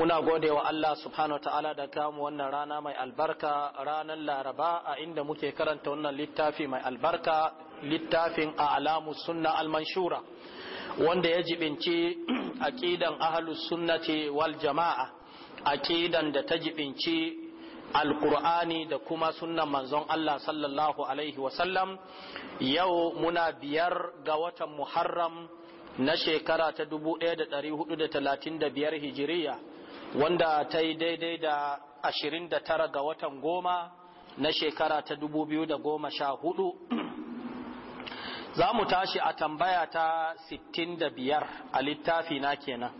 muna gode wa Allah subhanahu wa ta'ala da kama wannan rana mai albarka ranar laraba a inda muke karanta wannan littafi mai albarka littafin a alamu sunna almanshura wanda ya jibinci aqidan ahlus sunnati wal jama'a aqidan da ta jibinci alkur'ani da kuma sunnan manzon Allah sallallahu alaihi wasallam yau muna biyar ga watan muharram na shekara ta 1435 hijiriya wanda ta yi daidai da 29 ga watan goma na shekara ta 2014 za mu tashi a tambaya ta 65 a littafi na kenan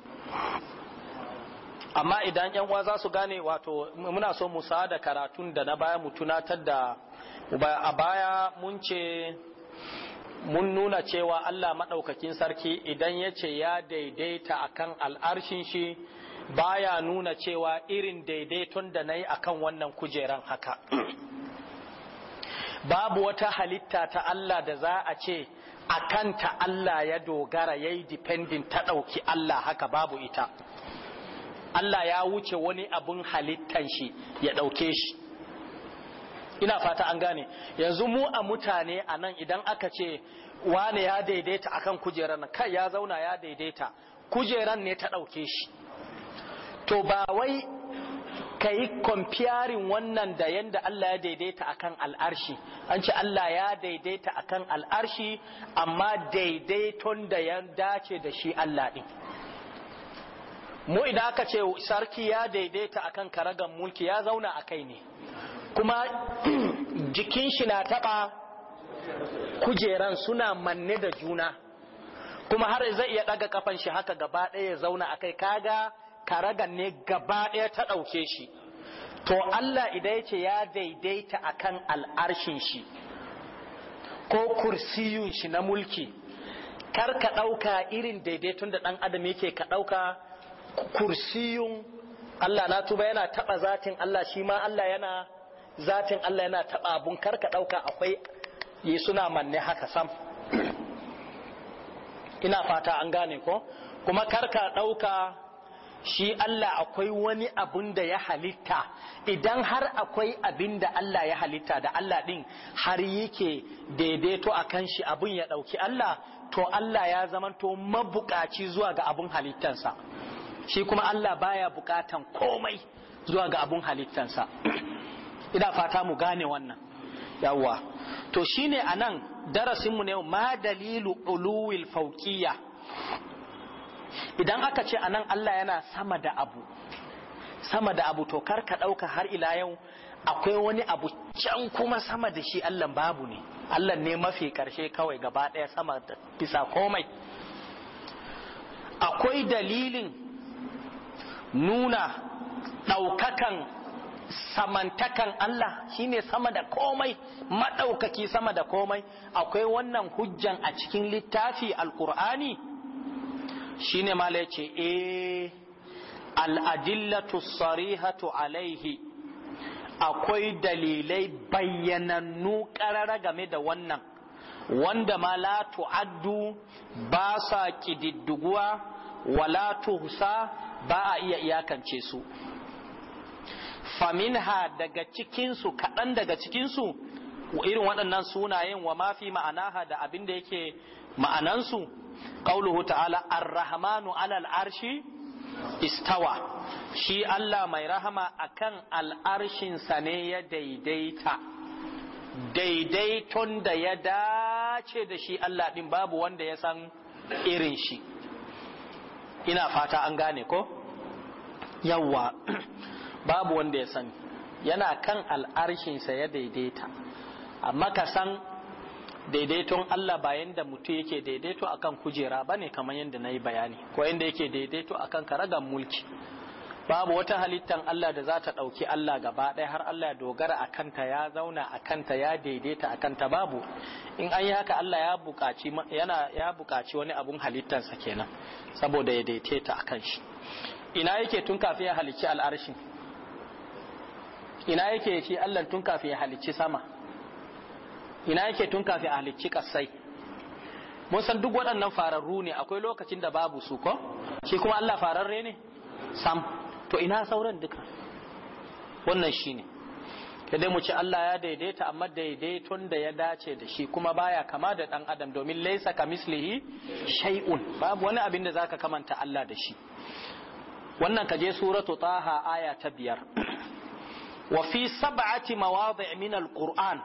amma idan yan uwa za su gane wato muna so mu da karatun da na baya mu tunatar da a baya mun ce mun nuna cewa Allah maɗaukakin sarki idan ya ce ya daidaita akan al'arshin shi baya nuna cewa irin daidaiton da na yi akan wannan kujeran haka babu wata halitta ta Allah da za a ce a kanta Allah ya dogara ya yi dependent ta ɗauki Allah haka babu ita Allah ya wuce wani abun halittan shi ya ɗauke shi ina fata an gane yanzu mu a mutane a nan idan aka ce wane ya daidaita akan kujerar nan kai ya zauna ya daidaita kujeran ne ta ɗauke shi to ba wai ka yi kwamfiyarin wannan da yadda Allah ya daidaita akan al'arshi an ce Allah ya daidaita akan al'arshi amma daidaiton da ya dace da shi Allah ɗin mu idan aka ce sarki ya daidaita akan karagan mulki ya zauna a kai ne kuma jikin shi na taɓa kujeran suna manne da juna kuma har zai iya ɗaga kafan shi haka gaba ɗaya ya zauna a kai kaga karagan ne gaba ɗaya ta ɗauke shi to Allah idan ya ce ya daidaita akan al'arshin shi ko kursiyun shi na mulki kar ka ɗauka irin daidaitun da ɗan adam yake ka ɗauka kursiyun Allah na tuba yana taɓa zatin Allah shi ma Allah yana zatin Allah yana taɓa abun kar ka ɗauka akwai yi suna manne haka sam ina fata an gane ko kuma kar ka ɗauka shi Allah akwai wani abun da ya halitta idan har akwai abin da Allah ya halitta da Allah ɗin har yake daidaito a kan shi abin ya ɗauki Allah to Allah ya zamanto mabukaci zuwa ga abun halittansa shi kuma Allah baya bukatan komai zuwa ga abin halittansa ina fata mu gane wannan yawwa to shine anan darasinmu ne ma dalilu uluwil fauqiyya idan aka ce anan Allah yana sama da abu sama da abu to kar ka ɗauka har ila yau akwai wani abu can kuma sama da shi Allah babu ne Allah ne mafi karshe kawai gaba ɗaya sama da bisa komai akwai dalilin nuna ɗaukakan samantakan Allah shine sama da komai maɗaukaki sama da komai akwai wannan hujjan a cikin littafi alkur'ani shine mala e e al'adillatu sarihatu alaihi akwai dalilai bayyanannu ƙarara game da wannan wanda ma la addu ba sa wa wala tuhsa ba a iya iyakance su faminha daga cikinsu kaɗan daga cikinsu irin waɗannan sunayen wa mafi ma'anaha da abin da yake ma'anansu qauluhu ta'ala arrahmanu 'alal arshi istawa shi Allah mai rahama akan al'arshinsa ne ya daidaita daidaiton da ya dace da shi Allah din babu wanda ya san irin shi ina fata an gane ko yawwa babu wanda ya sani yana kan al'arshinsa ya daidaita amma ka san daidaiton Allah ba yanda mutum yake daidaito akan kujera ba ne kamar yanda yi bayani ko yanda yake daidaito akan karagan mulki babu wata halittan Allah da za ta ɗauki Allah gaba ɗaya har Allah ya dogara a kanta ya zauna a kanta ya daidaita a kanta babu in an yi haka Allah ya buƙaci wani abun halittansa kenan saboda ya daidaita a kan shi ina yake tun kafin ya halicci al'arshin ina yake shi Allah tun kafin ya halicci sama ina yake tun kafi a halicci kasai mun san duk waɗannan fararru ne akwai lokacin da babu su ko shi kuma Allah fararre ne sam to ina sauran duka wannan shine dai mu ci Allah ya daidaita amma daidaiton da ya dace da shi kuma baya kama da dan adam domin laisa ka mislihi shay'un babu wani abin da zaka kamanta Allah da shi wannan kaje suratu taha aya ta biyar wa fi sab'ati mawadi' min alquran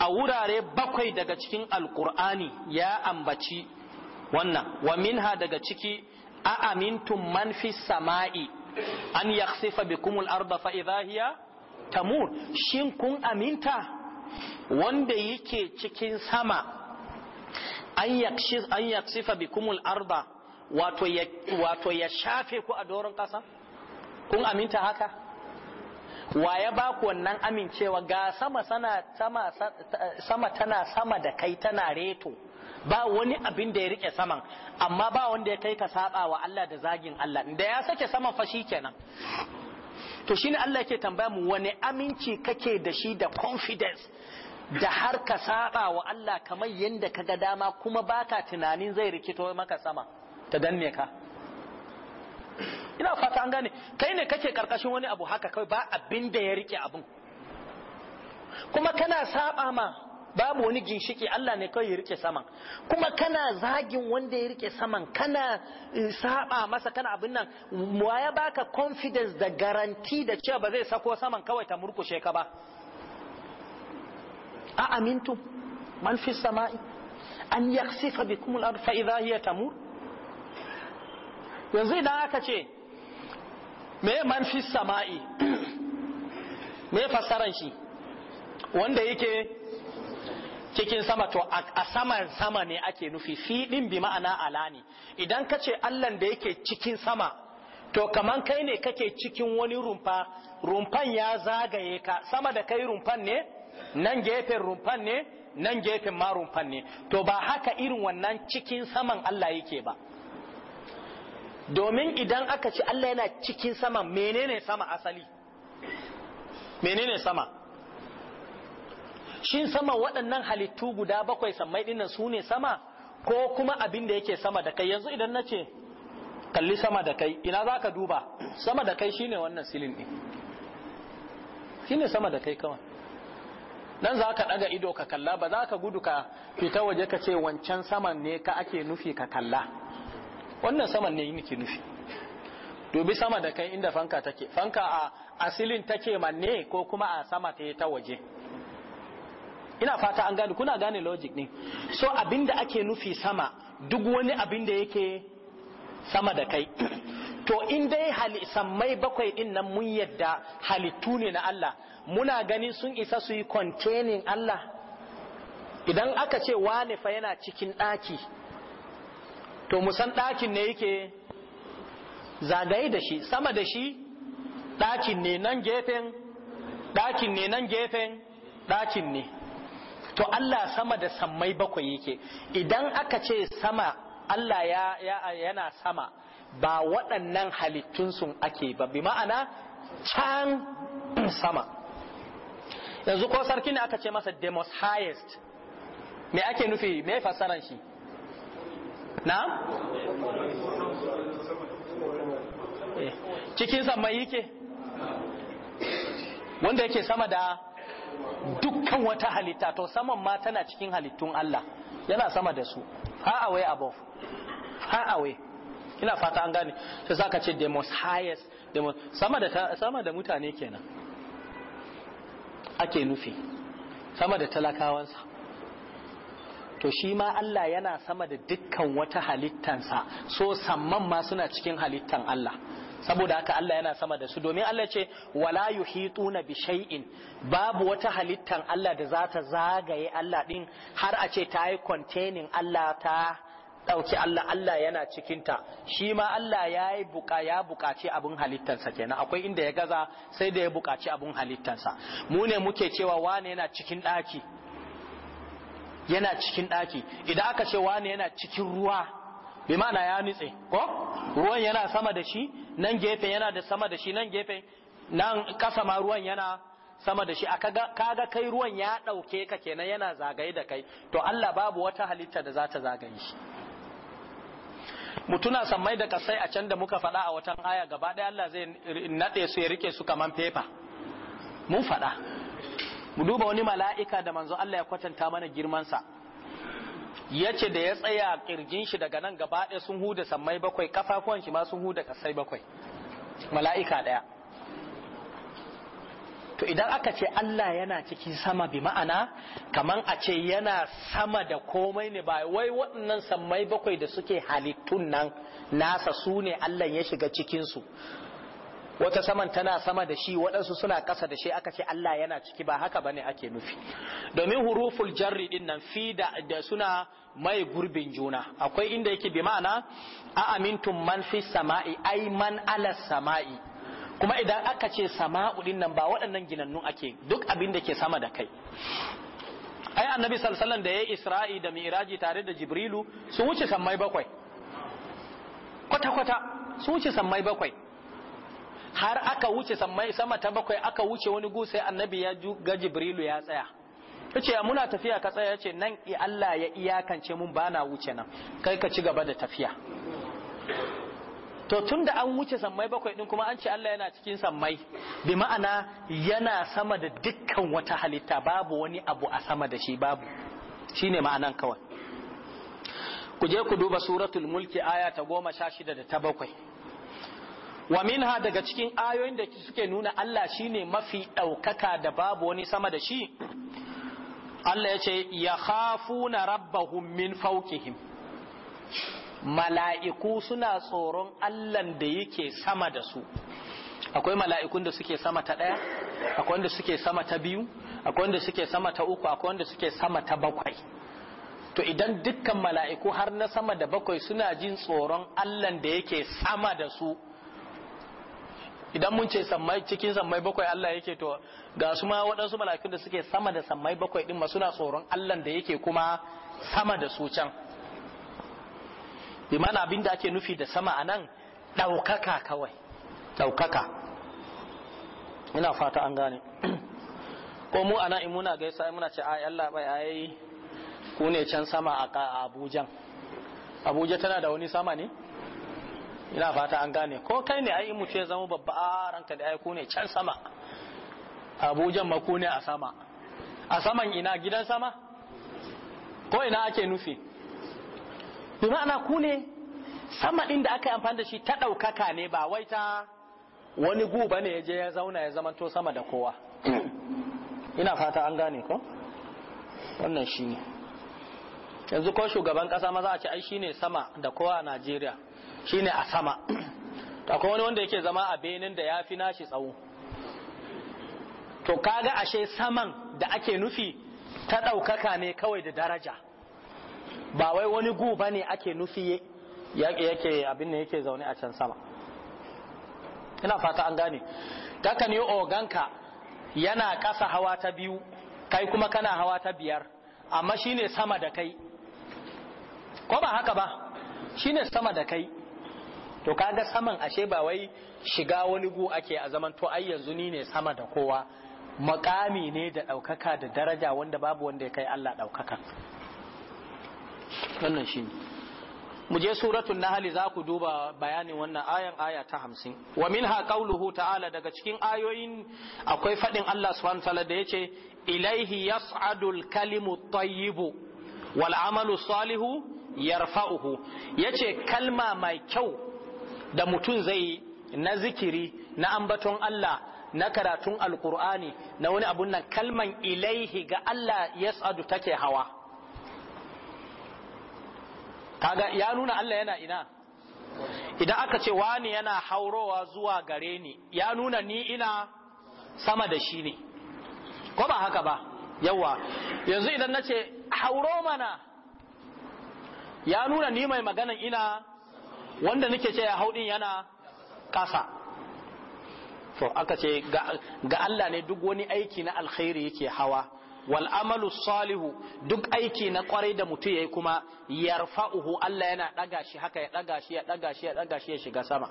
a wurare bakwai daga cikin alkur'ani ya ambaci wannan wa minha daga ciki a amintun man sama'i an sifa bikumul arda fa hiya tamur shin kun aminta wanda yake cikin sama an yakhsifa bikumul arda wato ya shafe ku a doron ƙasa? kun aminta haka wa ya ba ku wannan amincewa ga sama sana sama sama tana sama da kai tana reto ba wani abin da ya rike saman amma ba wanda ya kai ka saba wa Allah da zagin Allah da ya sake saman fa kenan to shine Allah yake tambaya mu wani aminci kake da shi da confidence da har ka saba wa Allah kamar yadda ka ga dama kuma baka tunanin zai rikito maka sama ta danne ka ina fata an gane kai ne kake karkashin wani abu haka kawai ba abin da ya rike abin kuma kana saba ma babu wani ginshiki Allah ne kawai ya rike saman kuma kana zagin wanda ya rike saman kana eh, saba masa kana abin nan ya baka confidence da garanti da cewa ba zai sako saman kawai ta murkushe ka ba a amintu man fi sama'i an yaksifa bikum al-ard fa idha hiya tamur yanzu idan aka ce me man fi sama'i me fassaran shi wanda yake cikin sama to a saman sama ne ake nufi fi din bi ma'ana ala ne idan ka ce allan da yake cikin sama to kaman kai ne kake cikin wani rumfa rumfan ya zagaye ka sama da kai rumfan ne nan gefen rumfan ne nan gefen ma rumfan ne to ba haka irin wannan cikin saman allah yake ba domin idan aka ci Allah yana cikin sama menene sama asali menene sama shin sama waɗannan halittu guda bakwai sammai dinnan su ne sama ko kuma abin da yake sama da kai yanzu idan na ce kalli sama da kai ina za ka duba sama da kai shine wannan silin ɗin shine sama da kai kawai nan za ka ɗaga ido ka kalla ba za ka gudu ka fita waje ka ce wancan saman ne ka ake nufi ka kalla wannan saman ne muke nufi dubi sama da kai inda fanka take fanka a asilin take manne ko kuma a sama ta ta waje ina fata an gani kuna gane logic ne so abinda ake nufi sama duk wani abin da yake sama da kai to in dai samai bakwai din nan mun yadda halittu ne na Allah muna ganin sun isa su yi containing Allah idan aka ce wane fa yana cikin ɗaki to musan ɗakin ne yake zagaye da shi sama da shi ɗakin ne nan gefen ɗakin ne nan gefen ɗakin ne to Allah sama da sammai bakwai yake idan aka ce sama Allah ya, yana sama ba waɗannan halittun sun ake ba bi ma'ana can sama yanzu ko sarki ne aka ce masa demos highest me ake nufi me fassaran shi na'am eh, cikin sama yake wanda yake sama da dukkan wata halitta to saman ma tana cikin halittun Allah yana sama da su far away above far away ina fata an gane sai zaka ce the most highest the most sama da sama da mutane kenan ake nufi sama da talakawansa to shi ma Allah yana sama da dukkan wata halittansa so samman ma suna cikin halittan Allah saboda haka Allah yana sama da su domin Allah ce wala yuhituna bi shay'in babu wata halittan Allah da za ta zagaye Allah din har a ce ta yi containing Allah ta ɗauki Allah Allah yana cikinta shi ma Allah ya yi buka ya buƙaci abin halittansa. kenan akwai inda ya gaza sai da ya bukaci abin halittansa. mu ne muke cewa wane yana cikin ɗaki yana cikin ɗaki idan aka ce wani yana cikin ruwa bi ma'ana ya nutse ko ruwan yana sama da shi nan gefe yana da sama da shi nan gefe nan kasa ma ruwan yana sama da shi kaga kai ruwan ya ɗauke ka kenan yana zagaye da kai to Allah babu wata halitta da za ta zagaye shi mutuna sammai da kasai a can da muka faɗa a watan aya gaba ɗaya Allah zai naɗe su ya rike su kaman fefa mun faɗa mu duba wani mala'ika da manzo Allah ya kwatanta mana girmansa ya ce da ya tsaya kirjin shi daga nan gaba ɗaya sun huda sammai bakwai kafafuwan shi ma sun huda kasai bakwai mala'ika ɗaya to idan aka ce Allah yana ciki sama bi ma'ana kamar a ce yana sama da komai ne ba wai waɗannan sammai bakwai da suke halittun nan nasa su ne Allah ya shiga cikinsu wata saman tana sama da shi waɗansu suna kasa da shi aka ce Allah yana ciki ba haka bane ake nufi domin huruful jarri din nan fi da, suna mai gurbin juna akwai inda yake bi ma'ana a amintum man fi sama'i ai man ala sama'i kuma idan aka ce sama'u din nan ba waɗannan ginannun ake duk abin da ke sama da kai ai annabi sallallahu da ya yi isra'i da mi'raji tare da jibrilu sun wuce sammai bakwai kwata-kwata sun wuce sammai bakwai har aka wuce sama ta bakwai aka wuce wani gusai annabi ya ga jibrilu ya tsaya yace muna tafiya ka tsaya yace nan Allah ya iyakance mun bana wuce nan kai ka ci gaba da tafiya to tun da an wuce sammai bakwai din kuma an ce Allah yana cikin sammai bi ma'ana yana sama da dukkan wata halitta babu wani abu a sama da shi babu shine ma'anan kawai ku je ku duba suratul mulki aya ta goma sha shida da ta bakwai wa minha daga cikin ayoyin da suke nuna Allah shine mafi ɗaukaka da babu wani sama da shi Allah ya ce ya khafuna rabbahum min fawqihim mala'iku suna tsoron Allahn da yake sama da su akwai mala'ikun da suke sama ta ɗaya akwai wanda suke sama ta biyu akwai wanda suke sama ta uku akwai wanda suke sama ta bakwai to idan dukkan mala'iku har na sama da bakwai suna jin tsoron Allahn da yake sama da su idan mun ce sammai cikin sammai bakwai Allah yake to ga su ma waɗansu malakin da suke sama da sammai bakwai din ma suna tsoron Allah da yake kuma sama da su can bi abin da ake nufi da sama anan ɗaukaka kawai ɗaukaka ina fata an gane ko mu ana in muna gaisa muna ce ai Allah bai ai ku ne can sama a Abuja Abuja tana da wani sama ne ina fata an gane ko kai ne ai mutu ya zama babba a ranka da ai ku ne can sama abujan ma ku ne a sama a saman ina gidan sama ko ina ake nufi bi ana ku ne sama din da aka yi amfani da shi ta ɗaukaka ne ba wai ta wani gu bane ya je ya zauna ya zama to sama da kowa ina fata an gane ko wannan ne yanzu ko shugaban kasa maza a ce ai shine sama da kowa a Najeriya shine a sama akwai wani wanda yake zama a benin da ya fi nashi tsawo to kaga ashe saman da ake nufi ta ɗaukaka ne kawai da daraja ba wai wani gu ba ne ake nufi yake abin da yake zaune a can sama ina fata an gane kakan yi oganka yana ƙasa hawa ta biyu kai kuma kana hawa ta biyar amma shine sama da kai ko ba haka ba shine sama da kai to kaga saman ashe ba wai shiga wani gu ake a zaman to ai yanzu ni ne sama da kowa makami ne da ɗaukaka da daraja wanda babu wanda ya kai Allah daukaka wannan shi mu je suratul nahl za ku duba bayanin wannan ayan aya ta hamsin wa minha qawluhu ta'ala daga cikin ayoyin akwai fadin Allah subhanahu ta'ala da yace ilaihi yas'adul kalimu tayyibu wal amalu salihu yarfa'uhu yace kalma mai kyau da mutum zai yi na zikiri na ambaton Allah na karatun alkur'ani na wani abun nan kalman ilaihi ga Allah ya tsadu take hawa kaga ya nuna Allah yana ina idan aka ce wani yana haurowa zuwa gare ni ya nuna ni ina sama da shi ne ko ba haka ba yawa yanzu idan na ce hauro mana ya nuna ni mai maganan ina wanda nake ce ya haudin yana kasa to aka ce ga Allah ne duk wani aiki na alkhairi yake hawa wal amalu salihu duk aiki na kwarai da mutum yayi kuma yarfa'uhu Allah yana daga shi haka ya daga shi ya daga shi ya daga shi ya shiga sama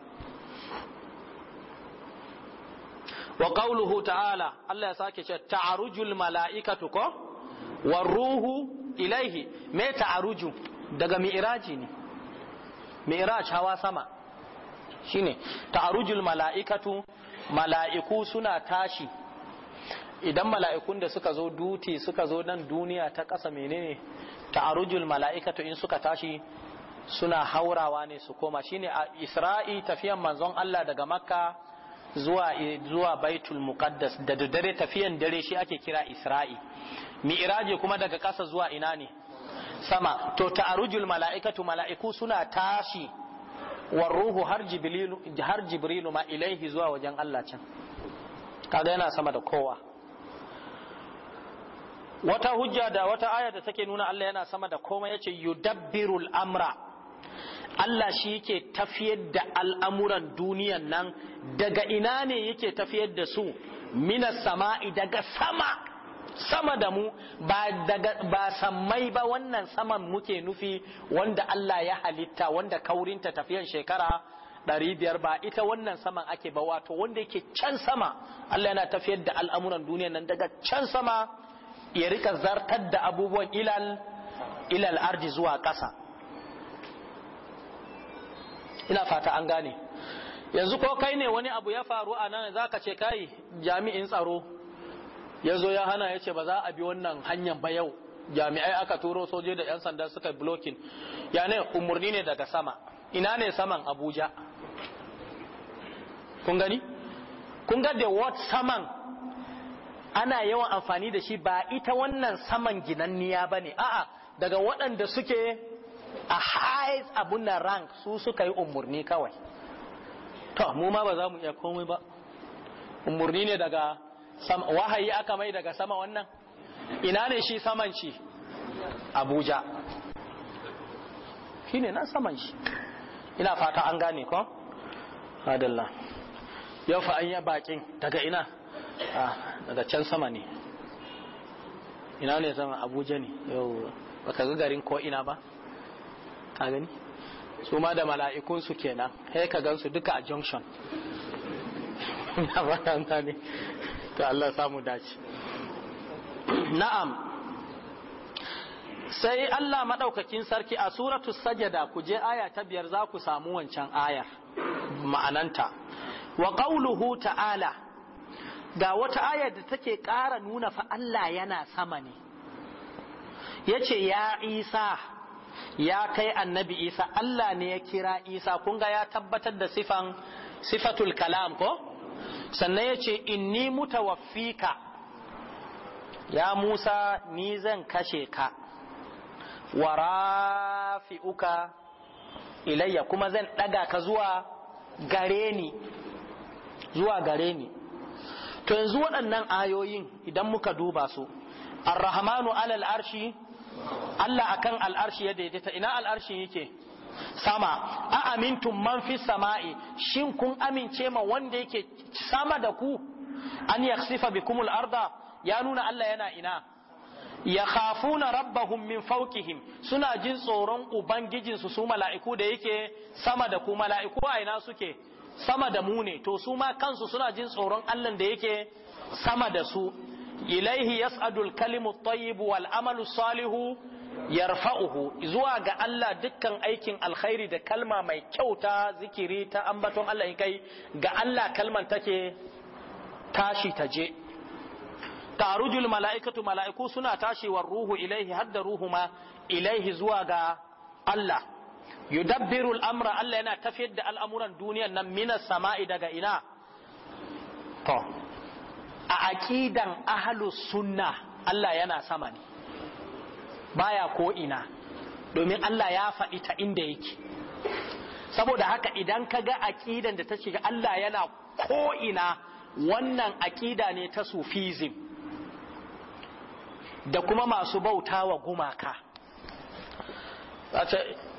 wa qawluhu ta'ala Allah ya sake ce ta'arujul mala'ikatu ko waruhu ilaihi me ta'aruju daga mi'raji ne miraj hawa sama shine ta'arujul mala'ikatu mala'iku suna tashi idan mala'ikun da suka zo duti suka zo nan duniya ta ƙasa menene ta'arujul mala'ikatu in suka tashi suna haurawa ne su koma shine a isra'i tafiyan manzon Allah daga makka zuwa zuwa baitul muqaddas da dare tafiyan dare shi ake kira isra'i mi'raji kuma daga ƙasa zuwa ina ne sama to arujul mala'ikatu mala'iku suna tashi wa ruhu har jibrilu har ma ilaihi zuwa wajen Allah can kaga yana sama da kowa wata hujja da wata aya da take nuna Allah yana sama da komai yace yudabbirul amra Allah shi yake tafiyar da al'amuran duniyan nan daga ina ne yake tafiyar da su minas sama'i daga sama sama da mu ba daga ba sammai ba wannan saman muke nufi wanda Allah ya halitta wanda kaurinta tafiyan shekara ɗari biyar ba ita wannan saman ake ba wato wanda yake can sama Allah yana tafiyar da al'amuran duniya nan daga can sama ya rika zartar da abubuwan ilal ilal ardi zuwa ƙasa ina fata an gane yanzu ko kai ne wani abu ya faru a nan zaka ce kai jami'in tsaro ya zo ya hana ya ce ba za a bi wannan hanyar ba yau jami'ai aka turo soje da 'yan sanda suka blocking ya ne umarni ne daga sama ina ne saman abuja kun gani kun ga da wat saman ana yawan amfani da shi ba ita wannan saman ginanniya ba ne a'a daga waɗanda suke a highest abun rank su suka yi umarni kawai to mu ma ba za mu iya komai ba umarni ne daga wahayi aka mai daga sama wannan ina ne shi saman shi abuja shi ne nan saman shi ina fata an gane ko adalla yau fa an yi bakin daga ina ah, daga can sama ne ina ne sama abuja ne yau baka ga garin ko ina ba ka gani su ma da mala'ikunsu kenan sai ka gansu duka a junction ina ba ne ta Allah samu dace na'am sai Allah madaukakin sarki a suratu sajada ku je aya ta biyar za ku samu wancan ayar ma'ananta wa qauluhu ta'ala ga wata ayar da take ƙara nuna fa Allah yana sama ne yace ya Isa ya kai annabi Isa Allah ne ya kira Isa kun ga ya tabbatar da sifan sifatul kalam ko sannan ya ce inni mutawaffika ya musa ni zan kashe ka wa rafi'uka ilayya kuma zan daga ka zuwa gare ni zuwa gare ni to yanzu waɗannan ayoyin idan muka duba su arrahmanu alal arshi Allah akan al'arshi ya daidaita ina al'arshi yake sama a amintum man fi sama'i shin kun amince ma wanda yake sama da ku an yaksifa bikumul arda ya nuna Allah yana ina ya khafuna rabbahum min fawqihim suna jin tsoron ubangijinsu su mala'iku da yake sama da ku mala'iku a ina suke sama da mu ne to su ma kansu suna jin tsoron Allah da yake sama da su ilaihi yas'adul kalimut tayyib wal amalu salihu yarfa'uhu zuwa ga Allah dukkan aikin alkhairi da kalma mai kyauta zikiri ta ambaton Allah in kai ga Allah kalman take tashi ta je tarujul mala'ikatu mala'iku suna tashi war ruhu ilaihi hadda ruhu ma ilaihi zuwa ga Allah yudabbiru amra Allah yana tafiyar da al'amuran duniyan nan minas sama'i daga ina to a aqidan ahlus sunna Allah yana sama ne baya ko ina domin Allah ya faɗi ta inda yake saboda haka idan ka ga aƙidan da ta shiga Allah yana ko ina wannan aƙida ne ta sufism da kuma masu bauta wa gumaka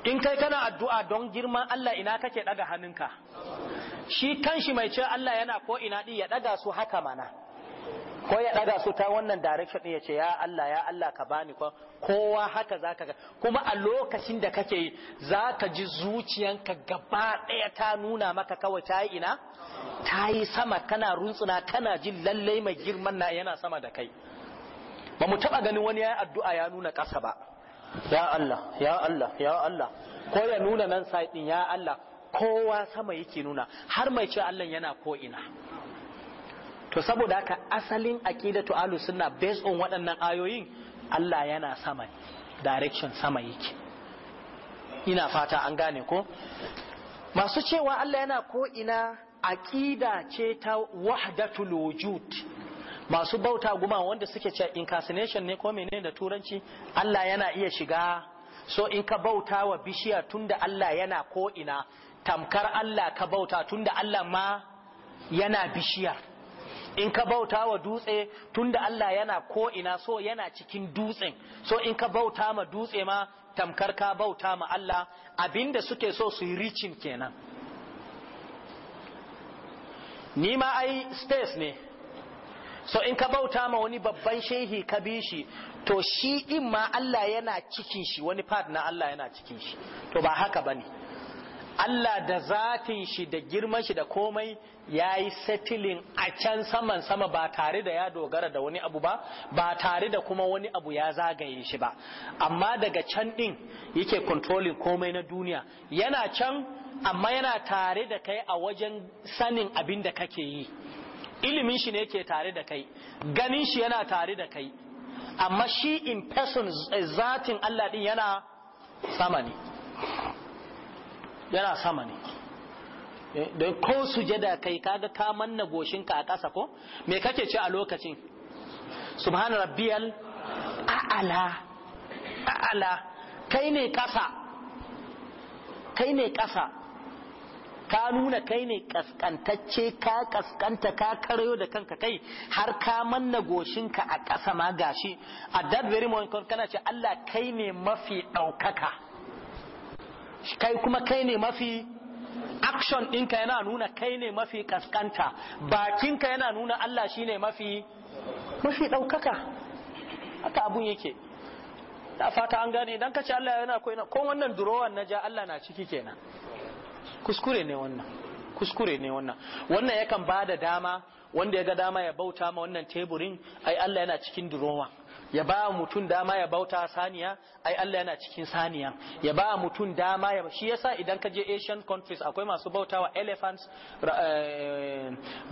in kai kana addu'a don girman Allah ina kake daga hannunka shi kanshi mai ce Allah yana ko ina din ya daga su haka mana ko ya daga su ta wannan direction ya ce ya Allah ya Allah ka bani ko kowa haka zaka ga kuma a lokacin da kake yi zaka ji zuciyanka gaba daya ta nuna maka kawai ta yi ina ta yi sama kana runtsuna kana jin lalle mai girman na yana sama da kai ba mu taba ganin wani yayi addu'a ya nuna ƙasa ba ya Allah ya Allah ya Allah ko ya nuna nan sai din ya Allah kowa sama yake nuna har mai ce Allah yana ko ina to saboda haka asalin aqidatu ahlus sunna based on waɗannan ayoyin Allah yana sama direction sama yake ina fata an gane ko masu cewa Allah yana ko ina aqida ce ta wahdatul wujud masu bauta guma wanda suke cewa incarnation ne ko menene da turanci Allah yana iya shiga so in ka bauta wa bishiya tunda Allah yana ko ina tamkar Allah ka bauta tunda Allah ma yana bishiyar in ka bauta wa dutse tunda Allah yana ko ina so yana cikin dutsen so in ka bauta ma dutse ma tamkar ka bauta ma Allah abinda suke so su yi kenan ni ma ai space ne so in ka bauta ma wani babban shehi ka bi shi to shi din ma Allah yana cikin shi wani part na Allah yana cikin shi to ba haka bane Allah da zatin shi da girman shi da komai ya yi setilin a can saman sama ba tare da ya dogara da wani abu ba ba tare da kuma wani abu ya zagaye shi ba amma daga can ɗin yake controlling komai na duniya yana can amma yana tare da kai a wajen sanin abin da kake yi ilimin shi ne ke tare da kai ganin shi yana tare da kai amma shi in person eh, zatin Allah ɗin yana sama ne yana sama ne eh, don ko sujada kai kaga ka manna goshinka a ƙasa ko me kake ce a lokacin subhanar rabbiyal a'ala a'ala kai ne ƙasa kai ne ƙasa ka nuna kai ne kaskantacce ka kaskanta ka karyo da kanka kai har ka manna goshinka a ƙasa ma gashi a that very moment kana ce Allah kai ne mafi ɗaukaka kai kuma kai ne mafi action ɗinka yana nuna kai ne mafi kaskanta bakinka yana nuna Allah shi ne mafi mafi ɗaukaka haka abun yake da fata an gane idan kace Allah yana ko wannan durowan na ja Allah na ciki kenan kuskure ne wannan kuskure ne wannan wannan yakan ba da dama wanda ya ga dama ya bauta ma wannan teburin ai Allah yana cikin durowa ya ba mutum dama ya bauta saniya ai Allah yana cikin saniya ya ba mutum dama ya shi yasa idan ka je Asian countries akwai masu bautawa elephants eh,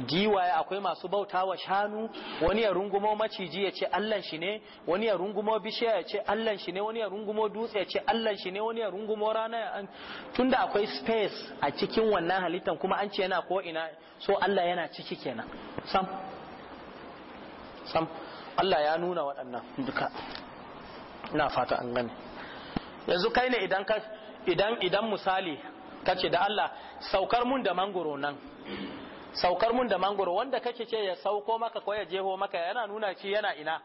giwaye akwai masu bautawa shanu wani ya rungumo maciji ya ce Allah shi ne wani ya rungumo bishiya ya ce Allah shi ne wani ya rungumo dutse ya ce Allah shi ne wani ya rungumo rana tunda akwai space a cikin wannan halittan kuma an ce yana ko ina so Allah yana ciki kenan sam sam Allah ya nuna waɗannan duka ina fata an gane yanzu kai ne idan ka ce misali kace da Allah saukar mun da mangoro nan saukar mun da mangoro wanda kake ce ya sauko maka ko ya jeho maka yana nuna shi yana ina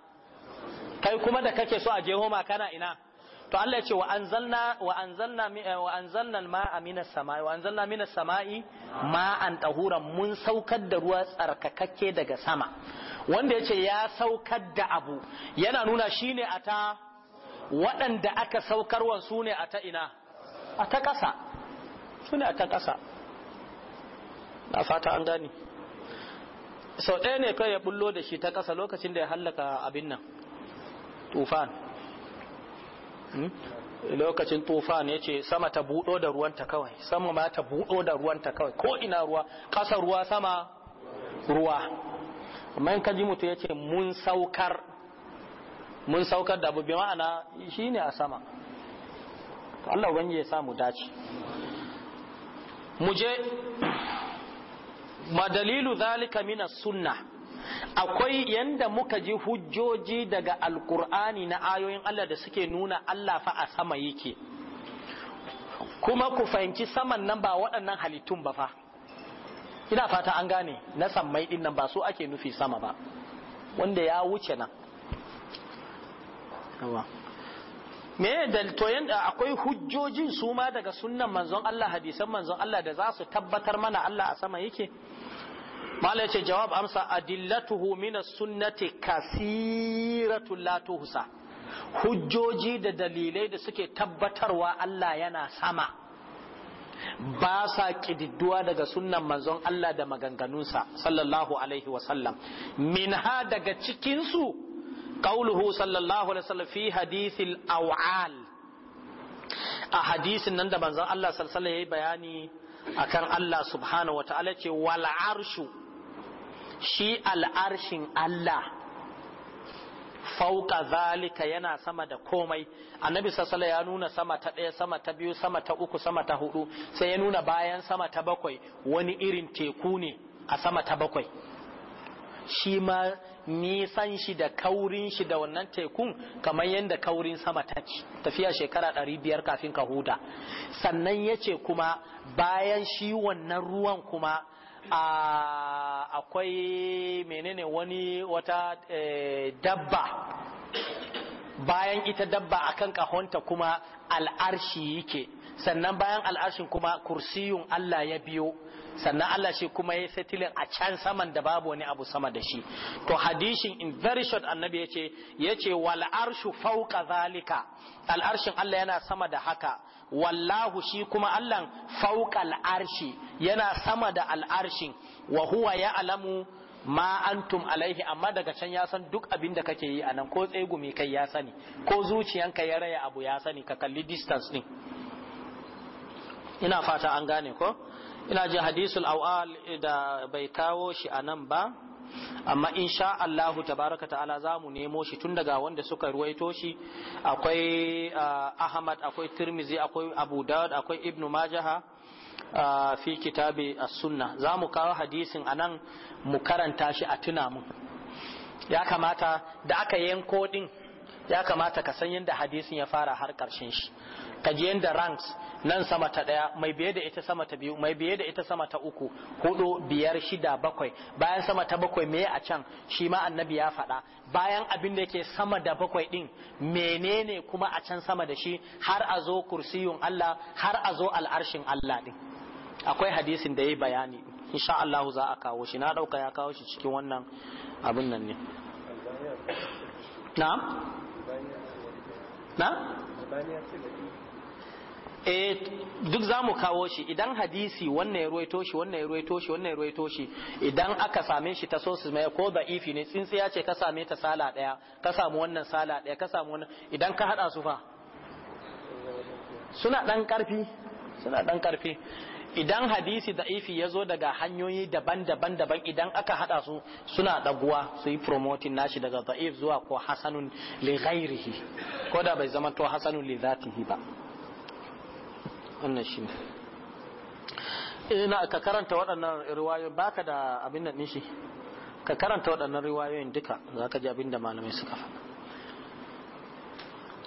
kai kuma da kake so a jeho ma kana ina to Allah ya ce wa anzalna wa anzalna eh, wa anzalna ma'a minas samai wa anzalna minas samai ma'an tahuran mun saukar da ruwa tsarkakakke daga sama wanda ya ce ya saukar da abu yana nuna shi ne a ta waɗanda aka saukarwan su ne a ta ina a ta ƙasa su ne a ta ƙasa na fata an gani sau ɗaya ne kai ya bullo da shi ta ƙasa lokacin da ya hallaka abin nan tufan hmm? lokacin tufan ya ce sama ta buɗo da ruwanta kawai sama ma ta buɗo da ruwanta kawai ko ina ruwa ƙasa ruwa sama ruwa amma in kaji mutu ya ce mun saukar mun saukar da abu ma'ana shi ne a sama to Allah wani ya sa dace mu je ma dalilu zalika mina sunna akwai yanda muka ji hujjoji daga alkur'ani na ayoyin Allah da suke nuna Allah fa a sama yake kuma ku fahimci saman nan ba waɗannan halittun ba fa ina fata an gane na sammai din nan ba su ake nufi sama ba wanda ya wuce nan me daltoyin akwai hujjojin su ma daga sunnan manzon Allah hadisan manzon Allah da za su tabbatar mana Allah a sama yake mala yace jawab amsa adillatuhu min sunnati kasiratu la tuhsa hujjoji da dalilai da suke tabbatarwa Allah yana sama ba sa kididduwa daga sunnan manzon Allah da maganganunsa sallallahu alaihi wasallam minha daga cikinsu Ƙauluhu sallallahu alaihi wasallam fi hadithil aw'al a hadisin nan da manzon Allah sallallahu yi bayani akan Allah subhanahu ta'ala ce wal arshu shi al'arshin Allah fauka zalika yana sama da komai annabi sassala ya nuna sama ta ɗaya sama ta biyu sama ta uku sama ta hudu sai ya nuna bayan sama ta bakwai wani irin teku ne a sama ta bakwai shi ma nisan shi da kaurin shi da wannan tekun kamar yadda kaurin sama ta ci tafiya shekara ɗari biyar kafin ka huda sannan ya ce kuma bayan shi wannan ruwan kuma akwai menene wani wata eh, dabba bayan ita dabba akan kahonta kuma al'arshi yake sannan bayan al'arshin kuma kursiyun Allah ya biyo sannan Allah shi kuma ya setilin a can saman da babu wani abu sama da shi to hadishin in very short annabi yace yace wal arshu fawqa zalika al arshin Allah yana sama da haka wallahu shi kuma Allah fawqa al arshi yana sama da al arshin wa huwa ya'lamu ma antum alaihi amma daga can ya san duk abin da kake yi anan ko tsegumi kai ya sani ko zuciyanka ya raya abu ya sani ka kalli distance din ina fata an gane ko ina ji hadisul awal da bai kawo shi a nan ba amma insha Allahu tabaraka ta'ala za mu nemo shi tun daga wanda suka ruwaito shi akwai ah, Ahmad akwai Tirmizi akwai Abu Dawud akwai Ibn Majaha ah, fi kitabi as-sunna za mu kawo hadisin a nan mu karanta shi a tuna mu ya kamata da aka yanko din ya kamata ka san yadda hadisin ya fara har karshen shi ka ji yadda ranks nan sama ta daya mai biye da ita sama ta biyu mai biye da ita sama ta uku hudu biyar shida bakwai bayan sama ta bakwai me a can shi ma annabi ya faɗa bayan abin da yake sama da bakwai din menene kuma a can sama da shi har a zo kursiyun Allah har a zo al'arshin Allah din akwai hadisin da ya bayani insha Allah za a kawo shi na dauka ya kawo shi cikin wannan abin nan ne na'am na? e duk za mu kawo shi idan hadisi wannan ya ruwaito shi wannan ya ruwaito shi wannan ya ruwaito shi idan aka same shi ta sosis mai ko da ifi ne tsintsiya ce ka same ta sala daya ka samu wannan sala daya ka samu wannan idan ka hada su fa suna dan karfi suna dan karfi idan hadisi da ifi ya zo daga hanyoyi daban-daban daban idan aka hada su suna daguwa su yi promoting nashi daga da'if zuwa ko hasanun li ghairihi ko da bai zama to hasanu li zatihi ba wannan shi ina eh, ka karanta waɗannan riwayoyin baka da abin nan shi ka karanta waɗannan riwayoyin duka za ka ji abin da malamai suka faɗa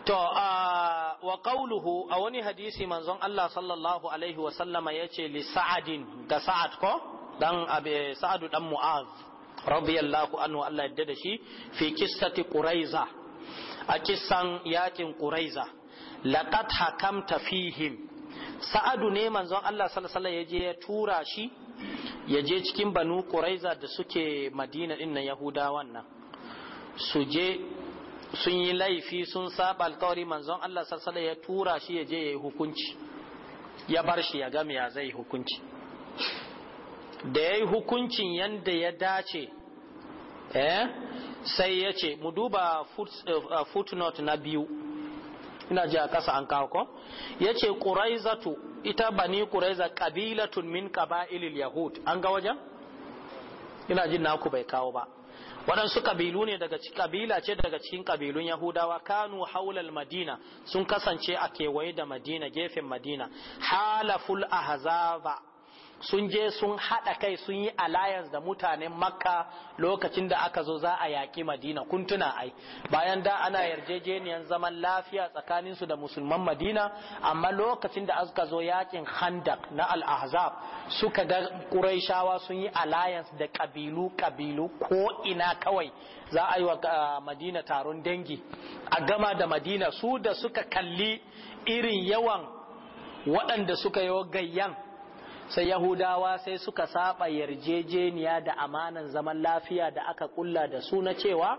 to a wa qawluhu a wani hadisi manzon Allah sallallahu alaihi wa sallama yace li sa'adin ga sa'ad ko dan abi sa'adu dan mu'az radiyallahu anhu Allah ya da shi fi qissati quraiza a kisan yakin ƙuraiza laqad hakamta fihim sa'adu ne manzon Allah sallallahu ya je ya tura shi ya je cikin banu ƙuraiza da suke madina din na yahudawan nan su je sun yi laifi sun saba alƙawari manzon Allah sallallahu ya tura shi ya je ya yi hukunci ya bar shi ya ga ya zai hukunci da ya yi hukuncin yadda ya dace eh sai ya ce mu duba eh, footnote na biyu ina ji a ƙasa an kawo ko ya ce ƙuraizatu ita bani ƙuraiza ƙabilatun min ƙaba'ilil yahud an ga wajen ina jin naku bai kawo ba waɗansu ƙabilu ne daga ƙabila ce daga cikin ƙabilun yahudawa kanu haulal madina sun kasance a kewaye da madina gefen madina halaful ahzaba sun je sun haɗa kai sun yi alliance da mutanen makka lokacin da aka zo za a yaƙi madina kun tuna ai bayan da ana yarjejeniyar zaman lafiya tsakanin su da musulman madina amma lokacin da aka zo yaƙin handak na al-ahzab suka ga ƙuraishawa sun yi alliance da ƙabilu ƙabilu ko ina kawai za a yi wa madina taron dangi a gama da madina su da suka kalli irin yawan waɗanda suka yi gayyan sai yahudawa sai suka saba yarjejeniya da amanan zaman lafiya da aka kulla da su na cewa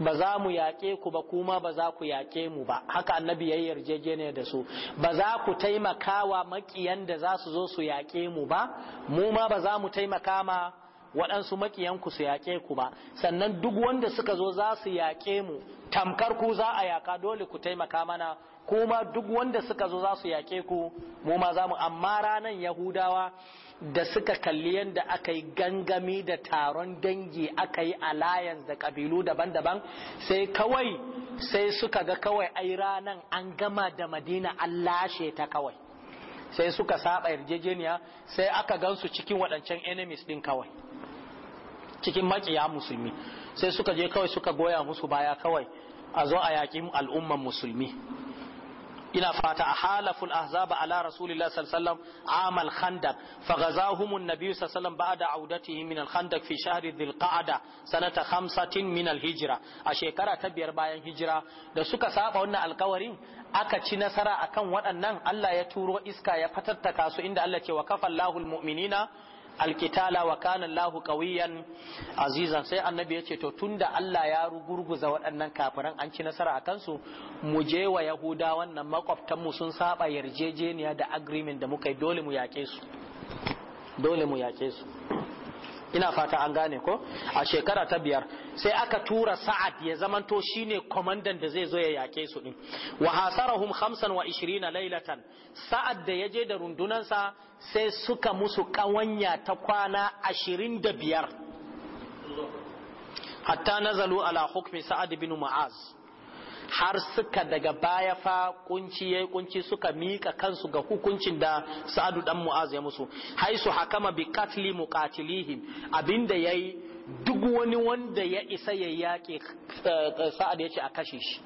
ba za mu yaƙe ku ba kuma ba za ku yaƙe mu ba haka annabi ya yarjejeniya da su ba za ku taimakawa makiyan da za su zo su yaƙe mu ba mu ma ba za mu taimaka ma waɗansu makiyanku su yaƙe ku ba sannan duk wanda suka zo za su yaƙe mu tamkar ku za a yaƙa dole ku taimaka mana kuma duk wanda suka zo za su yaƙe ku mu ma za mu amma ranan yahudawa da suka kalli yadda aka yi gangami da taron dangi aka yi alayan da kabilu daban-daban sai kawai sai suka ga kawai ai ranan an gama da madina an lashe ta kawai sai suka saba yarjejeniya sai aka gansu cikin waɗancan enemies ɗin kawai cikin makiya musulmi sai suka je kawai suka goya musu baya kawai a zo a yaƙi al'umman musulmi ina fata a halaful ahzaba ala rasulillah sallallahu amal khandaq faghazahum an-nabiy sallallahu ba'da audatihi min al-khandaq fi shahri dhil qa'da sanata khamsatin min al-hijra a shekara ta biyar bayan hijira da suka saba wannan alkawarin aka ci nasara akan waɗannan Allah ya turo iska ya fatattaka su inda Allah ke wa kafallahu al-mu'minina alkitala wa kana Allahu qawiyan azizan sai annabi yace to tunda Allah ya rugurguza waɗannan kafiran an ci nasara a kansu mu je wa yahuda wannan makwabtan mu sun saba yarjejeniya da agreement da muka yi dole mu yake su dole mu yake su ina fata an gane ko a shekara ta biyar sai aka tura sa'ad ya zamanto shine komandan da zai zo ya yake su din wa hasarahum khamsan wa ishirina lailatan sa'ad da ya je da rundunansa sai suka musu kawanya ta kwana ashirin da biyar hatta nazalu ala hukmi sa'ad bin mu'az har suka daga baya fa kunci yayi kunci suka mika kansu ga hukuncin da Sa'adu dan Mu'az ya musu haisu hakama bi katli muqatilihim abinda yayi duk wani wanda ya isa ya yake eh, Sa'ad ya ce a kashe shi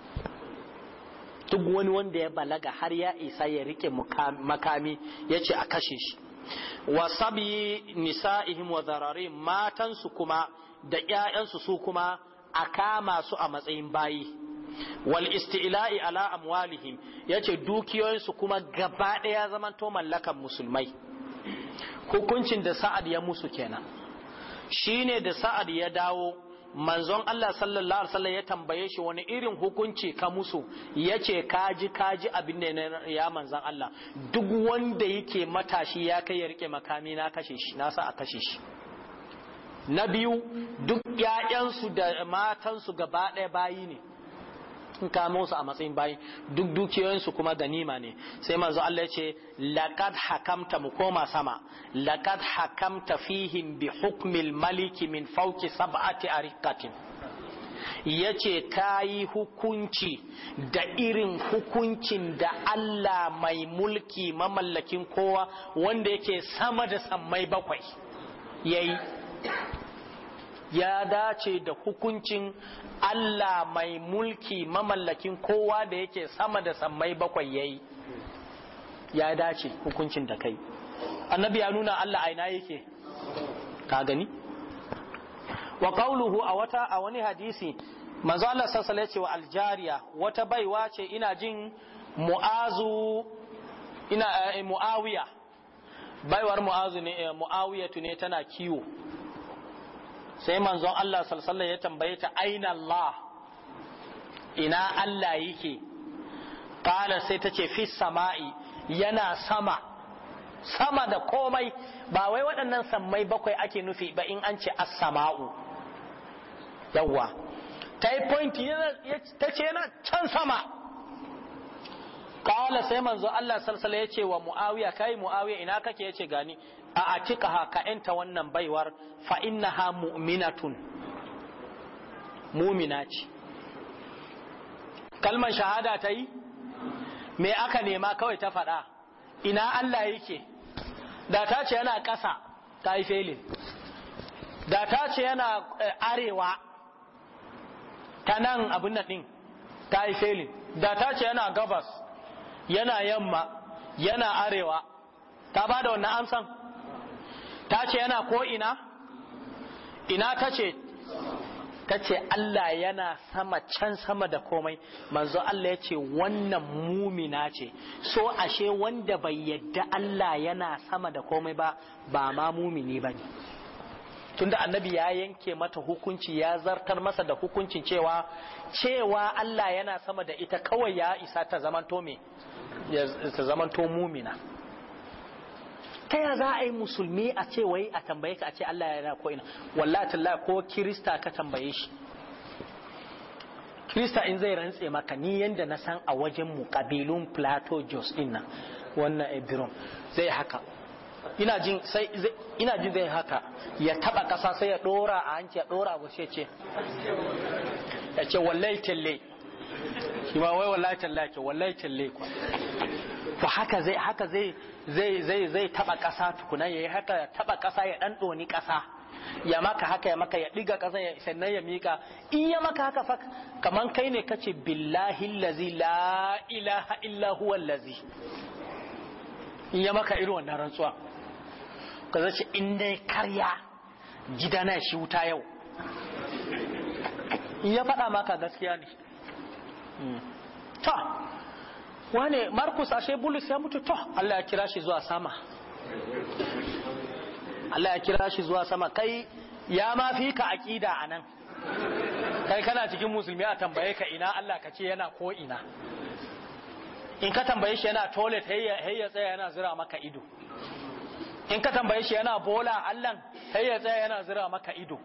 duk wani wanda ya balaga har ya isa ya rike makami ya ce a kashe shi wa sabi nisa'ihim wa zarari matansu kuma da 'ya'yansu su kuma a kama su a matsayin bayi wal isti'la'i ala amwalihim yace dukiyoyinsu kuma gaba zaman zamanto mallakan musulmai hukuncin da sa'ad ya musu kenan shine da sa'ad ya dawo manzon Allah sallallahu alaihi wasallam ya tambaye shi wani irin hukunci ka musu yace kaji kaji abin da ya manzon Allah duk wanda yake matashi ya kai ya rike makami na kashe shi na sa a kashe shi na biyu duk ƴaƴansu da matansu gaba ɗaya bayi ne in kamo su a matsayin bayi duk dukiyoyinsu kuma ganima ne sai manzo Allah ya ce laqad hakamta mu koma sama laqad hakamta fihim bi hukmil maliki min fawqi sab'ati ariqatin yace yi hukunci da irin hukuncin da Allah mai mulki mamallakin kowa wanda yake sama da sammai bakwai yayi ya dace da hukuncin Allah mai mulki mamallakin kowa da yake sama da sammai bakwai yayi ya dace hukuncin da kai annabi ya nuna Allah aina yake ka gani wa qawluhu a wata a wani hadisi manzo Allah sallallahu alaihi wa aljariya wata baiwa ce ina jin mu'azu ina eh, muawiya baiwar mu'azu ne eh, mu'awiya ne tana kiwo sai manzon Allah sallallahu ya tambaye ta aina Allah ina Allah yake qala sai tace ce fi sama'i yana sama sama da komai ba wai waɗannan sammai bakwai ake nufi ba in an ce as-sama'u yawa ta yi point ta ce yana can sama qala sai manzo Allah sallallahu ya ce wa muawiya kai muawiya ina kake yace gani a atiqaha ka enta wannan baiwar fa innaha mu'minatun mu'mina ce kalmar shahada ta yi me aka nema kawai ta faɗa ina Allah yake da ta ce yana ƙasa ta yi felin da ta ce yana eh, arewa ta nan abin nan ta yi felin da ta ce yana gabas yana yamma yana arewa ta bada da wannan amsan ta ce yana ko ina ina ta ce ta ce Allah yana sama can sama da komai manzo Allah ya ce wannan mumina ce so ashe wanda bai yadda Allah yana sama da komai ba ba ma mumini ba ne tunda annabi ya yanke mata hukunci ya zartar masa da hukuncin cewa cewa Allah yana sama da ita kawai ya isa ta zamanto me ta zamanto mumina ta ya za a yi musulmi a ce wai a tambaye ka a ce Allah yana ko ina wallahi tallahi ko kirista ka tambaye shi kirista in zai rantse maka ni yanda na san a wajen mu kabilun plato jos din nan wannan ebiron zai haka ina jin sai ina jin zai haka ya taba kasa sai ya dora a hanci ya dora ba sai ce ya ce wallahi talle shi ma wai wallahi talle ke wallahi talle ko to haka zai haka zai zai zai zai taba kasa tukuna yayi haka ya taba kasa ya dan doni kasa ya maka haka ya maka ya diga kasa ya sannan ya mika in ya maka haka fa kaman kai ne kace billahi allazi la ilaha illa huwa allazi in ya maka irin wannan rantsuwa ka zace in dai karya gidana shi wuta yau in ya fada maka gaskiya ne hmm. ta wane markus ashe bulus ya mutu to allah ya kira shi zuwa sama allah ya kira shi zuwa sama kai ya ma fi ka aƙida a nan kai kana cikin musulmi a tambaye ka ina allah ka ce yana ko ina in ka tambaye shi yana toilet hayya tsaya yana zira maka ido in ka tambaye shi yana bola allan hayya tsaya yana zira maka ido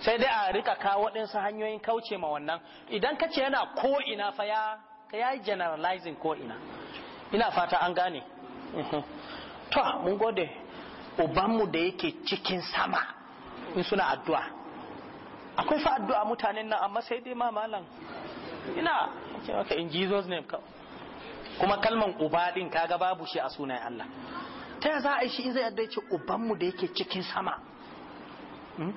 sai dai a rika kawo waɗansu hanyoyin kauce ma wannan idan ka ce yana ko ina fa ya ka yi generalizing ko ina ina fata an gane mhm. to mun gode ubanmu da yake cikin sama in suna addu'a akwai fa addu'a mutanen nan amma sai dai ma malam ina ake maka in Jesus name ka kuma kalman uba din kaga babu shi a sunayen Allah ta za a shi in zai addu'a ce ubanmu da yake cikin sama hmm?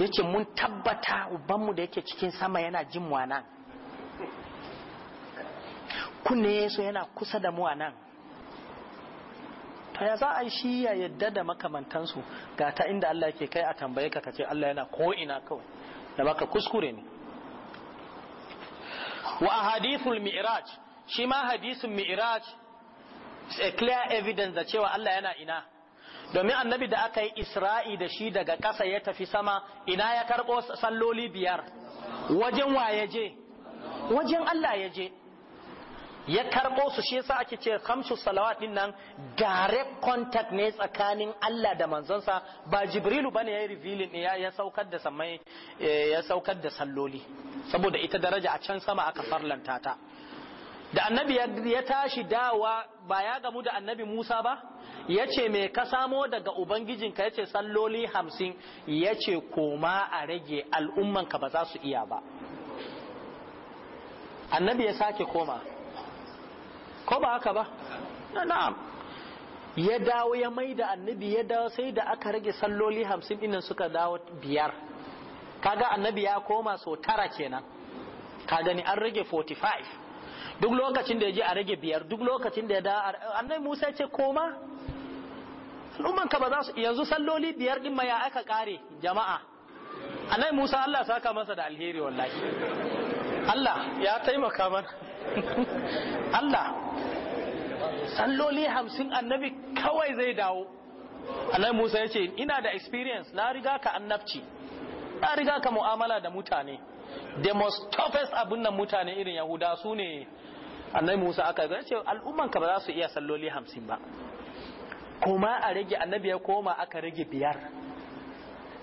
yace mun tabbata ubanmu da yake cikin sama yana jin wa nan kunne yana kusa da mu a nan ya za a yi shi ya yadda da makamantansu ga ta inda Allah ke kai a tambaye ka kace Allah yana ko ina kawai da baka kuskure ne wa ahadithul mi'raj shi ma hadithul mi'raj is a clear evidence da cewa Allah yana ina domin annabi da aka yi isra'i da shi daga ƙasa ya tafi sama ina ya karɓo salloli biyar wajen wa ya je wajen Allah ya je ya karɓo su shi yasa ake ce khamsu salawat din nan direct contact ne tsakanin Allah da manzonsa ba Jibrilu bane yayi revealing ya ya saukar da samai eh, ya saukar da salloli saboda ita daraja a can sama aka farlanta ta da annabi ya tashi dawa ba ya gamu da annabi Musa ba ya ce me ka samo daga ubangijinka ya ce salloli hamsin ya ce koma a rage al'ummanka ba za su iya ba annabi ya sake koma ko ba haka ba na'am ya dawo ya mai da annabi ya dawo sai da aka rage salloli hamsin ɗinnan suka dawo biyar kaga annabi ya koma so tara kenan ka gani an rage 45 duk lokacin da ya je a rage biyar duk lokacin da ya dawo annabi musa ce koma al'umman ka ba za su yanzu salloli biyar din ma ya aka kare jama'a annabi musa allah saka masa da alheri wallahi allah ya taimaka mana Allah salloli hamsin annabi kawai zai dawo annabi Musa ya ce ina da experience na riga ka annabci na riga ka mu'amala da mutane the most toughest abun nan mutane irin yahuda su ne annabi Musa aka ga ce al'umman ka ba za su iya salloli hamsin ba kuma a rage annabi ya koma aka rage biyar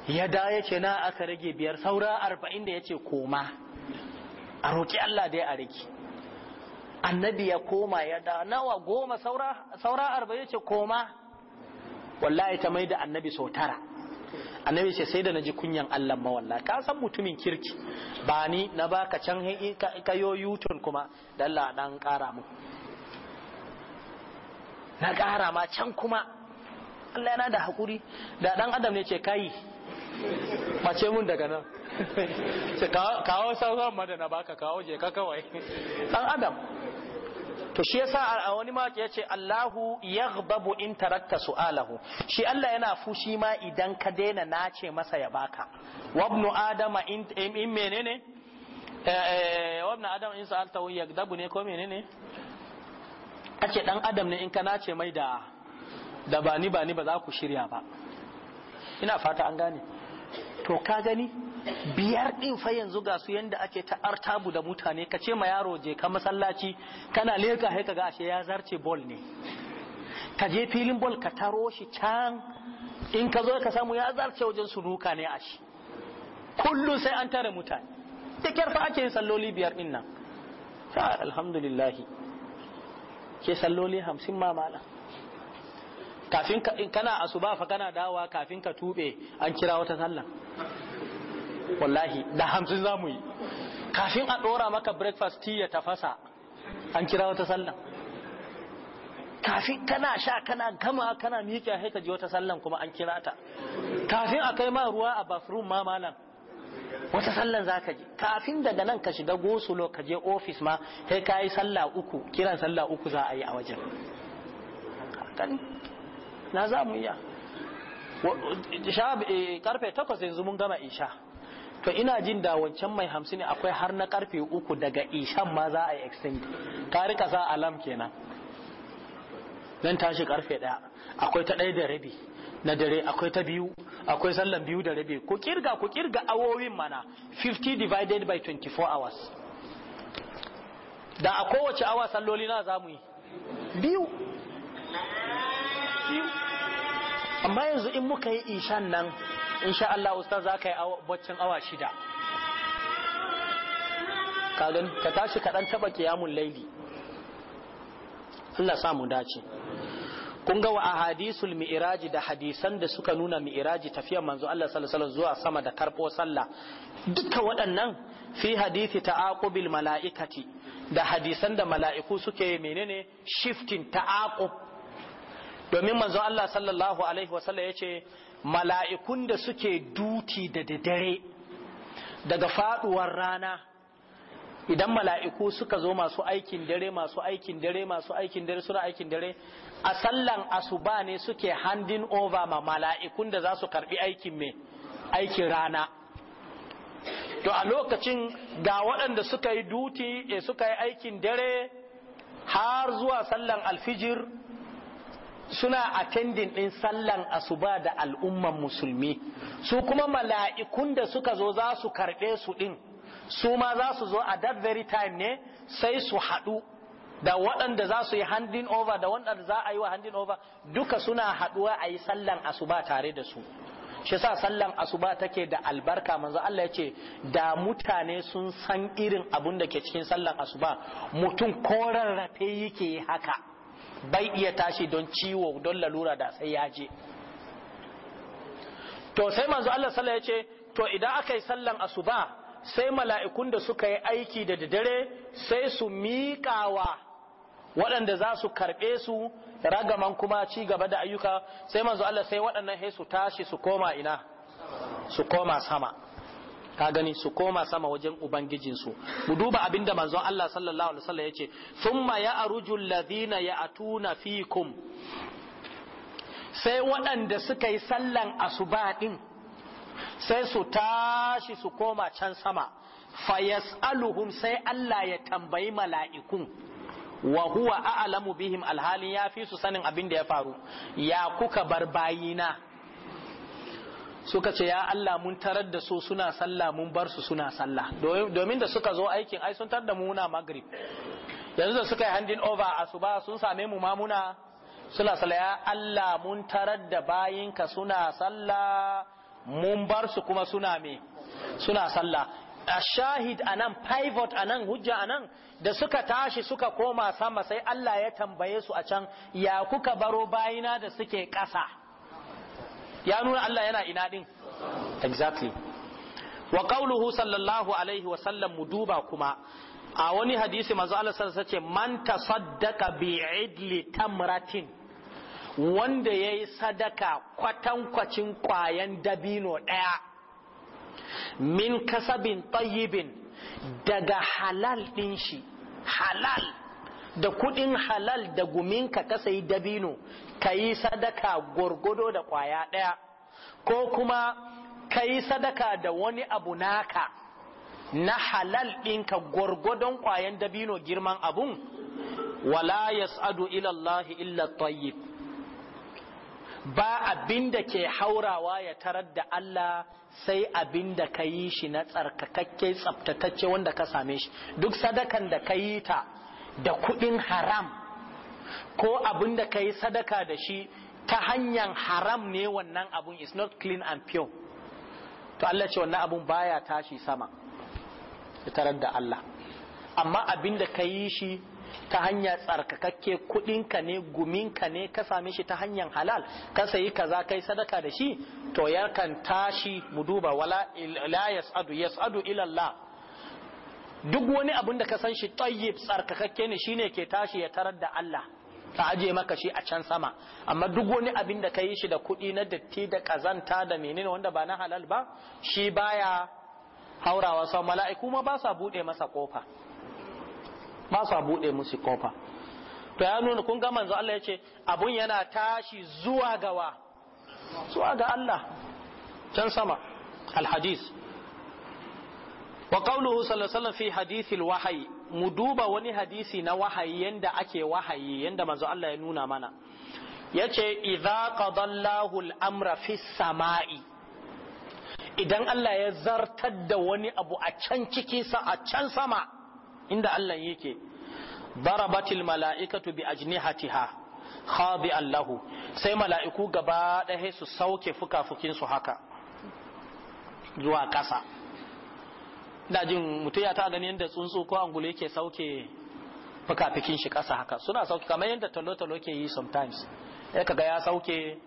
ya da ya ce na aka rage biyar saura arba'in da ya ce koma a roƙi Allah dai a rage annabi ya koma ya da nawa goma saura arba'in arba ya ce koma wallahi ta mai da annabi sau tara annabi ce sai da na ji kunyan Allah mawalla ka san mutumin kirki ba ni na ba baka can kayo yutun kuma da Allah dan kara mu na kara ma can kuma Allah yana da hakuri da dan adam ne ce kai mace mun daga nan kawo sauran madana baka kawo je ka kawai dan adam to shi yasa a wani mawaki ya ce Allahu yaghdabu in tarakta su'alahu shi Allah yana fushi ma idan ka daina nace masa ya baka wabnu adama in in menene eh, eh, wabnu adama in sa'alta yaghdabu ne ko menene kace dan adam ne in ka nace mai da da bani bani ba za ku shirya ba ina fata an gane to ka gani biyar din fa yanzu ga su yanda ake ta artabu da mutane ka ce ma yaro je ka masallaci kana leka haika ga ashe ya zarce bol ne ka je filin ball ka taro shi can in ka zo ka samu ya zarce wajen su nuka ne ashe kullum sai an tare mutane da kyar fa ake yin salloli biyar din nan alhamdulillahi ke salloli hamsin ma mala kafin kana asuba fa kana dawa kafin ka tube an kira wata sallah wallahi da hamsin za mu yi kafin a ɗora maka breakfast tea ya tafasa an kira wata sallan kafin kana sha kana gama kana miƙe haika ji wata sallan kuma an kira ta kafin a kai ma ruwa a bathroom ma malam wata sallan za ka je kafin daga nan ka shiga gosulo ka je ofis ma sai ka yi salla uku kiran salla uku za a yi a wajen na za mu iya eh, karfe takwas yanzu mun gama isha to ina jin da wancan mai hamsin akwai har na karfe uku daga ishan ma za a yi extend ka rika sa alam kenan zan tashi karfe daya akwai ta ɗaya da rabi na dare akwai ta biyu akwai sallan biyu da rabi ku kirga ku kirga awowin mana 50 divided by 24 hours da a kowace awa salloli na zamu yi biyu biyu amma yanzu in muka yi ishan nan In sha Allah ustaz za ka yi baccin awa shida kagan ka tashi ka dan taba kiyamun laili Allah samu dace kun ga wa ahadisul mi'iraji da hadisan da suka nuna mi'iraji tafiyar manzo Allah sallallahu zuwa sama da karbo sallah duka waɗannan fi hadisi ta'aqubil mala'ikati da hadisan da mala'iku suke menene shifting ta'aqub domin manzo Allah sallallahu alaihi wasallam yace mala'ikun da suke duti da dare daga faduwar rana idan mala'iku suka zo masu aikin dare masu aikin dare masu aikin dare suna aikin dare a sallan asuba ne suke handin over ma mala'ikun da za su karbi aikin mai aikin rana to a lokacin ga waɗanda suka yi duti eh, suka yi aikin dare har zuwa sallan alfijir suna attending din sallan asuba da al'umman musulmi su kuma mala'ikun da suka zo za su karɓe su din su ma za su zo a that very time ne sai su haɗu da waɗanda za su yi handing over da waɗanda za a yi wa handing over duka suna haɗuwa a yi sallan asuba tare da su shi sa sallan asuba take da albarka manzo Allah ya ce da mutane sun san irin abun da ke cikin sallan asuba mutum koran rafe yake haka bai iya tashi don ciwo don lalura da sai ya je to sai manzo Allah sallallahu ya ce to idan aka yi sallan asuba sai mala'ikun da suka yi aiki da dare sai su miƙawa waɗanda za su karɓe su ragaman kuma ci gaba da ayyuka sai manzo Allah sai waɗannan sai su tashi su koma ina su koma sama ka gani su koma sama wajen ubangijinsu mu duba abinda manzon Allah sallallahu alaihi wasallam yace thumma ladina alladhina ya'tuna fikum sai waɗanda suka yi sallan asuba din sai su tashi su koma can sama fayas'aluhum sai Allah ya tambayi mala'ikun wa huwa a'lamu bihim alhalin ya fi su sanin abin da ya faru ya kuka bar bayina suka ce ya Allah mun tarar da su suna sallah mun bar su suna sallah domin da suka zo aikin ai sun tarda muna magrib yanzu da suka yi handin over asuba sun same mu ma muna suna sallah ya Allah mun tarar da bayinka suna sallah mun bar su kuma suna me suna sallah a shahid anan pivot anan hujja anan da suka tashi suka koma sama sai Allah ya tambaye su a can ya kuka baro bayina da suke ƙasa ya nuna Allah yana ina din exactly wa qawluhu sallallahu alaihi wa sallam mu duba kuma a wani hadisi manzo Allah sallallahu alaihi wasallam man tasaddaqa bi idli tamratin wanda yayi sadaka kwatankwacin kwayan dabino daya min kasabin tayyibin daga halal din shi halal da kudin halal da guminka ka sayi dabino ka yi sadaka gwargwado da kwaya ɗaya ko kuma ka yi sadaka da wani abu naka na halal ɗinka gwargwadon kwayan dabino girman abun wala yas'adu ilallahi illa tayyib ba abin da ke haurawa ya tarar da Allah sai abin da ka yi shi na tsarkakakke tsabtatacce wanda ka same shi duk sadakan da ka yi ta da kuɗin haram ko abin da ka sadaka da shi ta hanyar haram ne wannan abun is not clean and pure to Allah ce wannan abun baya tashi sama tarar da Allah amma abin da ka yi shi ta hanya tsarkakakke kudinka ne guminka ne ka same shi ta hanyar halal ka sayi kaza kai sadaka da shi to yakan tashi mu duba wala la yasadu yasadu ila Allah duk wani abin da ka san shi tayyib tsarkakakke ne shine ke tashi ya tarar da Allah ta aje maka shi a can sama amma duk wani abin da ka yi shi da kuɗi na datti da ƙazanta da menene wanda ba na halal ba shi baya haurawa sau mala'iku ma ba sa buɗe masa kofa ba sa buɗe musu kofa to ya nuna kun ga manzo Allah ya ce abun yana tashi zuwa gawa zuwa ga Allah can sama alhadis wa qawluhu sallallahu alaihi wasallam fi hadithil wahayi, mu duba wani hadisi na wahayi yanda ake wahayi yanda manzo Allah ya nuna mana yace idza qadallahu amra fi idan Allah ya zartar da wani abu a can ciki sa a can sama inda Allah yake darabatil mala'ikatu bi ajnihatiha khabi Allahu sai mala'iku gaba ɗaya su sauke fuka-fukin haka zuwa ƙasa da jin mutum ya ta ganin yadda tsuntsu ko angulu yake sauke fikafikin shi kasa haka suna sauke kamar yadda talo-talo ke yi sometimes ya kaga ya sauke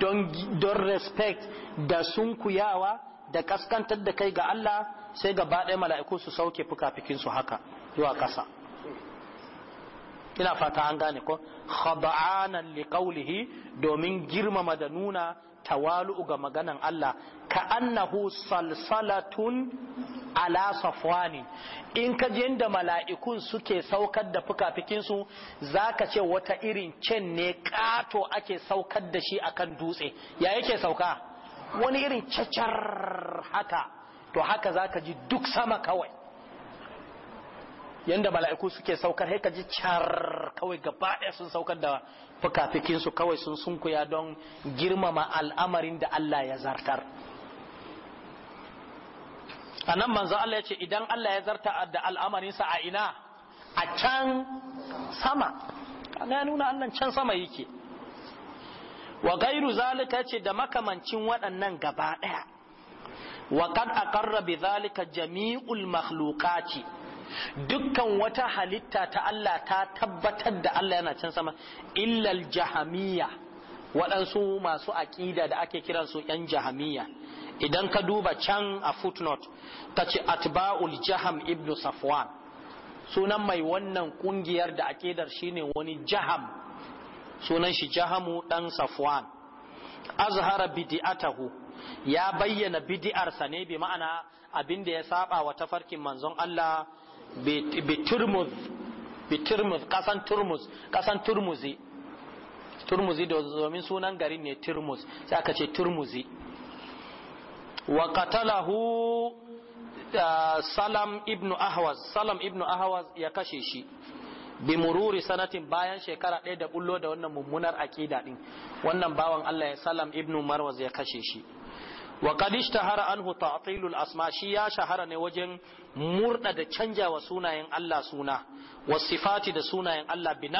don, don respect da sunkuyawa da kaskantar da kai ga Allah sai gaba ɗaya mala'iku su sauke fikafikin su haka zuwa ƙasa ina fata an gane ko khaba'anan liqaulihi domin girmama da nuna tawalu ga maganan Allah ka annahu salsalatun ala safwani in ka je inda mala'ikun suke saukar da fukafikinsu zaka ce wata irin cin ne kato ake saukar da shi akan dutse ya yake sauka wani irin cacar haka to haka zaka ji duk sama kawai yanda mala'iku suke saukar sai ka ji car kawai gaba ɗaya sun saukar da su kawai sun sunkuya don girmama al'amarin da Allah ya zartar a nan manzo Allah ya ce idan Allah ya zarta da al'amarinsa a ina a can sama ya nuna annan can sama yake wa gairu zalika ce da makamancin waɗannan gaba ɗaya wa kad aqarra bi zalika jami'ul makhluqati dukkan wata halitta ta Allah ta tabbatar da Allah yana can sama illal jahamiya waɗansu masu aƙida da ake kiransu 'yan jahamiya idan ka duba can a footnote ta ce atba'ul jaham ibn safwan sunan mai wannan ƙungiyar da aƙidar shine wani jaham sunan shi jahamu ɗan safwan azhara bid'atahu ya bayyana bidi'arsa ne bi ma'ana abinda ya saba wa tafarkin manzon Allah biturmuz kasan turmuz kasan turmuzi turmuzi da domin sunan garin ne turmuz sai aka ce turmuzi wa qatalahu salam ibn ahwaz salam ibn ahwaz ya kashe shi bi mururi sanatin bayan shekara ɗaya da bullo da wannan mummunar aƙida ɗin wannan bawan Allah ya salam Ibnu marwaz ya kashe shi wa qad ishtahara anhu ta'tilul asma shi ya shahara ne wajen murda da canja wa sunayen Allah suna wa sifati da sunayen Allah bi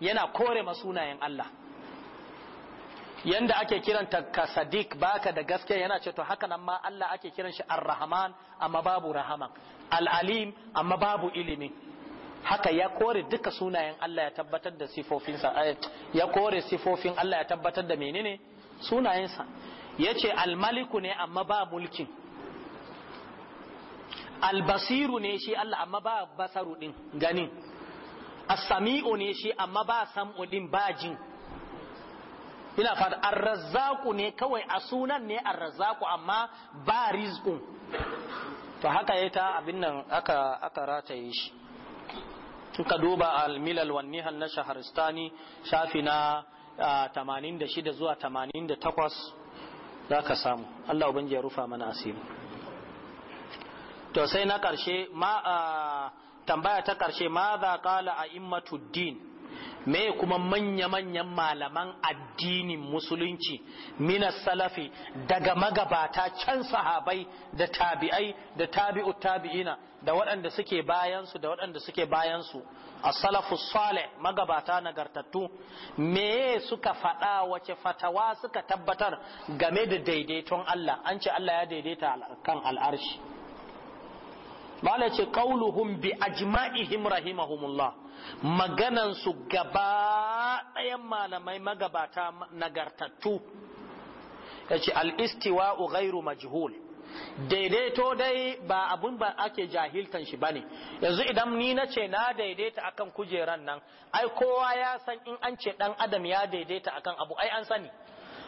yana kore ma sunayen Allah yanda ake kiranta ka sadiq baka da gaskiya yana ce to haka nan ma Allah ake kiran shi ar-rahman amma babu rahaman. al-alim amma babu ilimi haka ya kore duka sunayen Allah ya tabbatar da sifofinsa eh, ya kore sifofin Allah ya tabbatar da menene sunayensa ya ce almaliku ne amma ba mulkin albasiru ne shi Allah amma ba basaru din ganin asami'u ne shi amma ba sam'u din ba jin ina fata arrazaku ne kawai a sunan ne arrazaku amma ba rizqun to haka yayi ta abin nan aka aka rataye shi ka duba al-milal wan nihal na shaharistani shafi na 86 ah, zuwa 88 za ka samu Allah ubangi ya rufa mana asiri to sai na karshe ma tambaya ta karshe ma za qala a immatuddin me kuma manya-manyan malaman addinin musulunci mina salafi daga magabata can sahabai da tabi'ai da tabi'u tabi'ina da waɗanda suke bayansu da waɗanda suke bayansu a salafu sale magabata nagartattu me suka faɗa wace fatawa suka tabbatar game da daidaiton Allah an ce Allah ya daidaita kan al'arshi bala ce kauluhum bi ajma'ihim rahimahumullah maganan su gaba ɗayan malamai magabata nagartattu yace al-istiwa'u ghairu majhul daidaito dai ba abun ba ake jahiltan shi bane yanzu idan ni na ce na daidaita akan kujeran nan ai kowa ya san in an ce dan adam ya daidaita akan abu ai an sani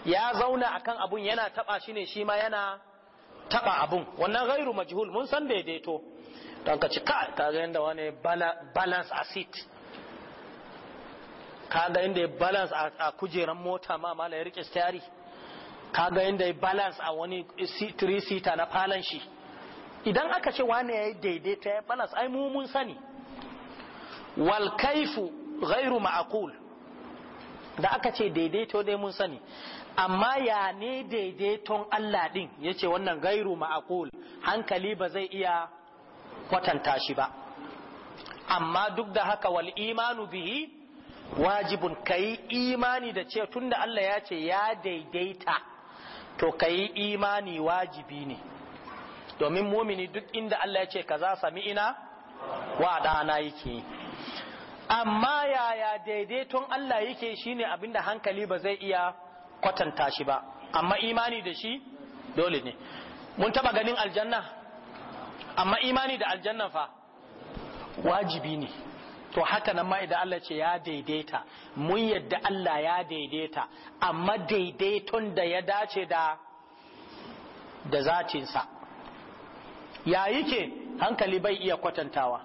ya zauna akan abun yana taba shi ne shi ma yana taba abun wannan ghairu majhul mun san daidaito don ka ci ka ga yadda wani balance a seat ga inda ya balance a kujeran mota ma ma ya rike stari ga inda ya balance a wani 3 seater na falon shi idan aka ce wani ya yi daidaita ya balance ai mu mun sani wal kaifu ghairu ma'akul da aka ce daidaito dai mun sani amma ya ne daidaiton Allah din yace wannan gairu ma'akul hankali ba zai iya kwatanta shi ba amma duk da haka wal imanu bihi wajibun kayi imani da ce tunda Allah ya ce ya daidaita to kayi imani wajibi ne domin mumini duk inda Allah ya ce kaza sami ina dana yake amma yaya daidaiton Allah yake shine abinda hankali ba zai iya kwatanta shi ba amma imani da shi dole ne mun taɓa ganin aljanna amma imani da aljanna fa wajibi ne to haka nan ma idan Allah ce ya daidaita mun yadda Allah ya daidaita amma daidaiton da ya dace da da zatinsa ya yake hankali bai iya kwatantawa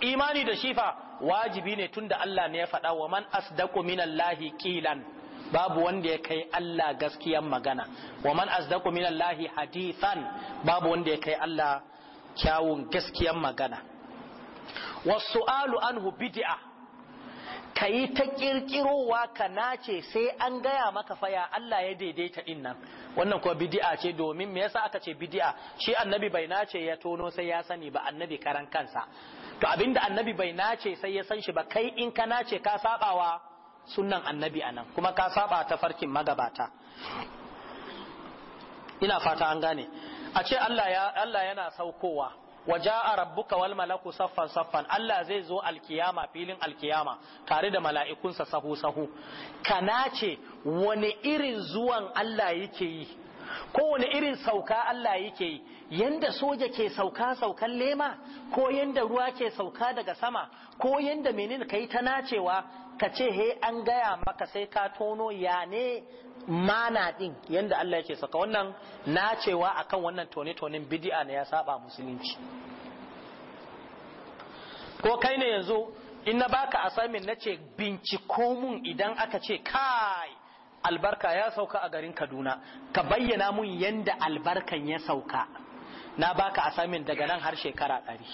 imani da shifa wajibi ne tunda Allah ne ya faɗa wa man asdaqu minallahi qilan babu wanda ya kai Allah gaskiyan magana wa man asdaqu minallahi hadithan babu wanda ya kai Allah kyawun gaskiyan magana wasu alu anhu bid'a ka yi ta ƙirƙirowa ka nace sai an gaya maka faya Allah ya daidaita din nan wannan kuwa bid'a ce domin me yasa aka ce bid'a shi annabi bai nace ya tono sai ya sani ba annabi karan kansa to abinda annabi bai nace sai ya san shi ba kai in ka nace ka sabawa sunnan annabi anan kuma ka saba ta farkin magabata ina fata an gane a ce Allah yana saukowa waja'a rabbuka wal malaku saffan saffan Allah zai zo alkiyama filin alkiyama tare da mala'ikunsa sahu sahu kana ce wani irin zuwan Allah yake yi ko wani irin sauka Allah yake yi yanda soja ke sauka saukan lema ko yanda ruwa ke sauka daga sama ko yanda ka kai ta nacewa ka ce he an gaya maka sai ka tono ya ne mana din Yadda Allah yake saka wannan na cewa akan wannan tone tonin bid'a ne ya saba musulunci ko kai ne yanzu in na baka asamin na ce binciko mun idan aka ce kai albarka ya sauka a garin Kaduna ka bayyana mun yadda albarkan ya sauka na baka asamin daga nan har shekara ɗari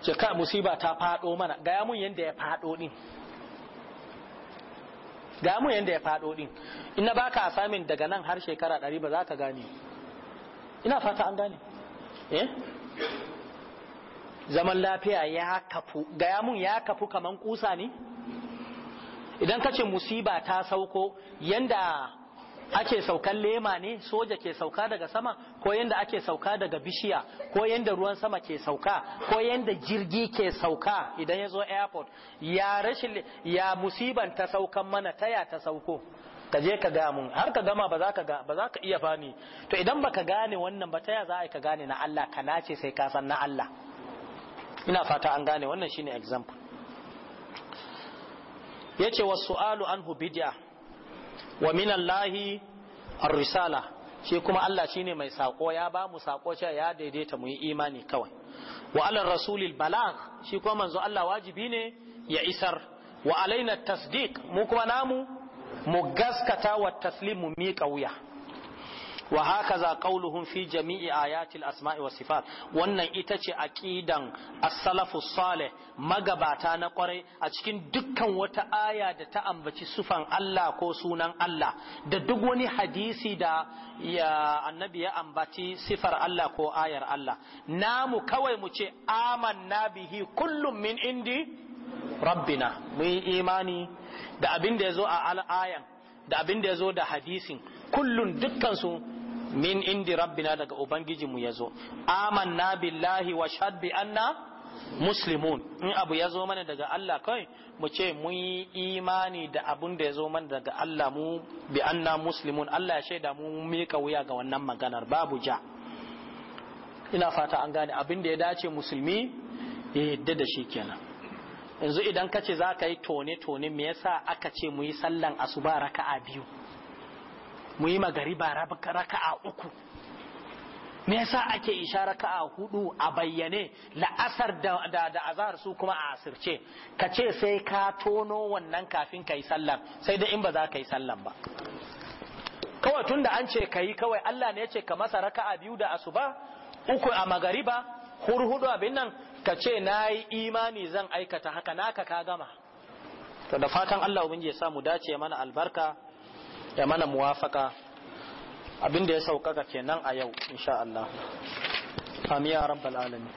ce ka musiba ta fado mana gaya mun yanda ya fado din gaya mun yanda ya fado din ina baka asamin daga nan har shekara ɗari ba za ka gane ina fata an gane eh? zaman lafiya ya kafu gaya mun ya kafu kaman kusa ne idan ka ce musiba ta sauko yanda ake saukan lema ne soja ke sauka daga sama ko yanda ake sauka daga bishiya ko yanda ruwan sama ke sauka ko yanda jirgi ke sauka idan ya zo airport ya rashin ya musiban ta saukan mana taya ta sauko ka je ka gamu har ka gama ba za ka iya fani to idan baka gane wannan ba taya za a yi ka gane na Allah ka nace sai ka san na Allah ina fata an gane wannan shine example yace wasu Alu anhu bid'ah wa min Allahi ar-risala shi kuma Allah shine mai sako ya ba mu sako cewa ya daidaita mu yi imani kawai wa ala rasulil balagh shi kuma manzo Allah wajibi ne ya isar wa alaina tasdiq mu kuma namu mu gaskata wa taslim mu miƙa wuya wa hakaza qauluhum fi jami'i ayatil asma'i wa sifat wannan ita ce aqidan as-salafus salih magabata na kwarai a cikin dukkan wata aya da ta ambaci sufan Allah ko sunan Allah da duk wani hadisi da ya annabi ya ambaci sifar Allah ko ayar Allah namu kawai mu ce amanna bihi kullum min indi rabbina mu yi imani da abin da ya zo a al'ayan da abin da ya zo da hadisin kullun dukkansu min indi rabbina daga ubangijinmu ya zo amanna billahi wa shahad bi anna muslimun in abu yazo mana daga Allah kai mu ce mun yi imani da abun da ya zo mana daga Allah mu bi anna muslimun Allah ya shaida mu mika wuya ga wannan maganar babu ja ina fata an gane abin da ya dace musulmi ya yadda da shi kenan yanzu idan ka ce za ka yi tone-tone me yasa aka ce mu yi sallan asuba raka'a biyu mu yi magariba raka'a uku me yasa ake isha raka'a hudu a bayyane la'asar da da, da azhar su kuma a asirce ka ce sai ka tono wannan kafin kai sallah sai da in ba za ka yi sallar ba kawai tun da an ce ka yi kawai Allah ne ya ce ka masa raka'a biyu da asuba uku a magariba hurhudu abin nan ka ce na yi imani zan aikata haka naka ka gama to da fatan Allah ubangiji ya samu dace mana albarka ya mana muwafaka abin da ya saukaka kenan a yau insha Allah Amiya rabbal alamin